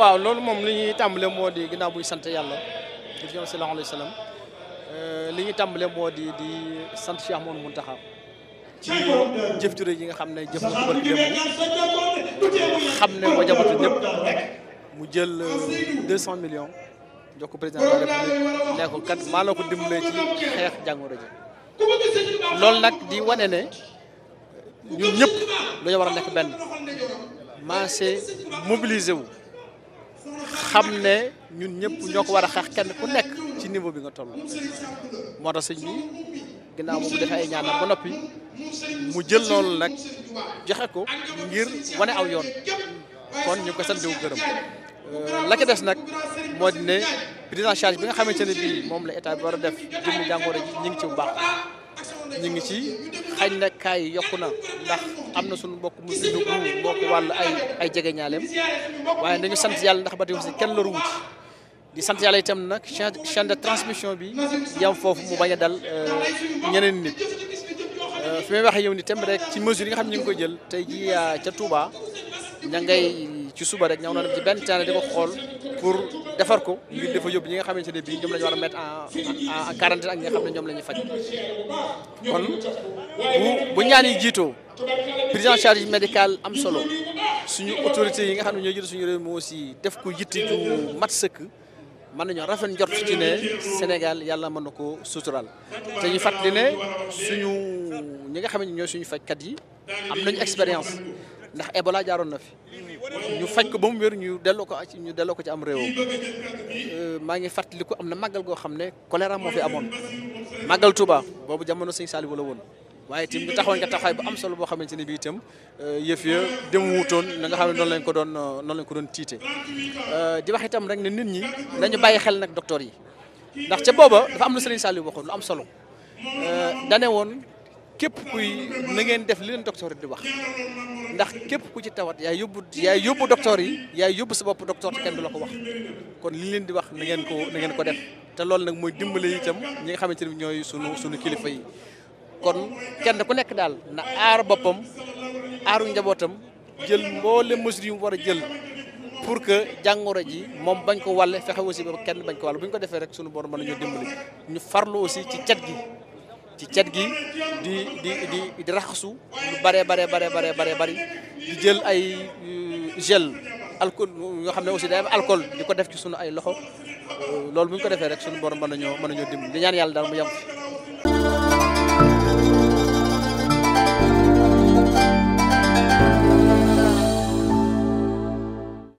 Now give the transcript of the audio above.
waaw loolu moom li ñuy tàmbale moo di ginnaaw buy sant yàlla di fi sallallahu alayhi wa euh, li ñuy tàmbale moo di di sant Cheikh Mouhamadou Mountakha ci jëf ju rëy yi nga xam ne jëf na ko bëri xam ne moo jabatu ñëpp mu jël 200 euh, millions jox ko président de la République ko kat maa la ko dimbalee ci xeex jàngoro ji loolu nag di wane ne ñun ñëpp dañoo war a nekk benn marché mobilisé wu. xam ne ñun ñëpp ñoo ko war a xeex kenn ku nekk ci niveau bi nga toll moo tax sëñ bi ginnaaw moom def ay ñaanam ba noppi mu jël noonu nag joxe ko ngir wane aw yoon kon ñu ko sant wu këram euh, la ca des nag moo di ne prise en charge bi nga xamante ne bii moom la état bi war a def jëmm jàngoro ji ñu ngi ci bu baax ñu ngi ci xañ na kaay yokk na ndax am na sunu mbokk mu dugg mbokk wàllu ay ay jege ñaaleem waaye dañu sant yàlla ndax ba tey aussi kenn loru wuti di sant yàlla itam nag chaîne de transmission bi yam foofu mu bañ a dal euh, ñeneen nit euh, fi may waxee yow ni tem rek ci mesure yi nga xam ne ñu ngi koy jël tey ji euh, ca tuuba ña ngay ci suba rek ñaw na dem ci benn taan di ko xool defar ko ngir dafa yóbbu ñi nga xamante ne bii ñoom la ñu war a mettre en en quarantaine ak nga xam ne ñoom la ñuy faj kon bu bu ñaan yi jiitoo prise charge médicale am solo suñu autorités yi nga xam ne ñoo jiite suñu réew mi aussi def ko yitti ju mat sëkk mën nañoo rafet njort ci ne Sénégal yàlla mën na ko sutural te ñu fàttali ne suñu ñi nga xam ne ñooy suñu fajkat yi am nañu expérience ndax Ebola jaaroon na fi. ñu fañ ko ba mu wér ñu delloo ko ci ñu delloo ko ci am réew euh, maa ngi fàttaliku am na màggal goo xam ne choléra moo fi amoon màggal Touba boobu jamono sëñ Saliou wala woon waaye itam ñu taxawoon nga taxaay bu am solo boo xamante ne bii itam euh, yëf ya dem wuutoon na nga xam ne noonu lañ ko doon euh, noonu lañ ko doon tiite di wax itam rek ne nit ñi nañu bàyyi xel nag docteur yi ndax ca booba dafa am lu sëriñ Saliou waxoon lu am solo dane woon kep kuy na ngeen def li len docteur di wax ndax kep ku ci tawat ya yobbu ya yobbu docteur yi ya yobbu sa bop docteur kenn du wax kon li len di wax na ngeen ko na ngeen ko def te lol nak moy dimbale itam ñi nga xamanteni ñoy suñu sunu sunu kilifa yi kon kenn ku nek dal na aar bopam aaru njabotam jël mbolé mesures yu mu war jël pour que jangoro ji mom bañ ko walé fexé aussi ba kenn bañ ko walé buñ ko défé rek sunu borom mëna ñu dimbali ñu farlu aussi ci gi ci cet gi di di di di raxasu lu bare bare bare bare bari bëri di jël ay euh, gel alcool yoo xam ne aussi day am alcool di ko def ci sunu ay loxo euh, loolu mu ñu ko defee rek sunu borom mën nañoo mën nañoo dimbali di ñaan yàlla daal mu yem